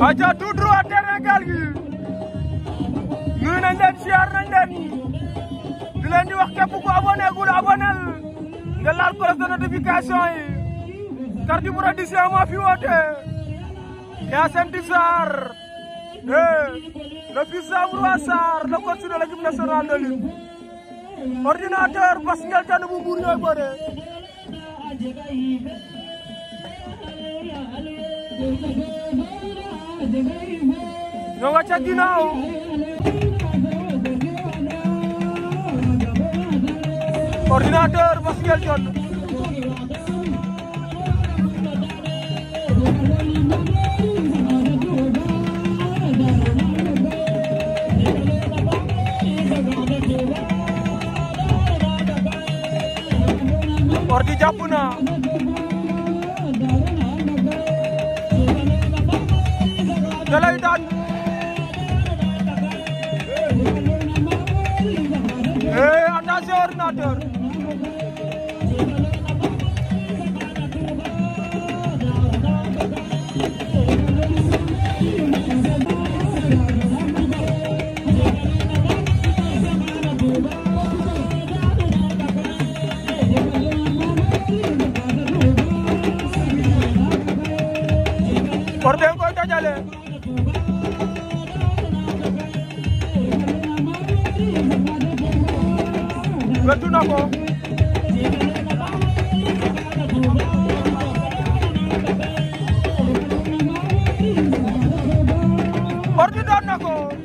aca tout droit terrain gaal gi nuyu nañ leen siyaar nañ leen di wax képp ku abonné gul abonel nga laal cloche de yi Cardy Production moo fi woote Yacine Diouf Sarr le fils d'Ambroise Sarr le coach de l'équipe nationale de lutte ordinateur parce que tan No, what you know? Coordinator, Pascal John. Ordi Japuna. गला डाल और देखो wetu na ko ordi doon na ko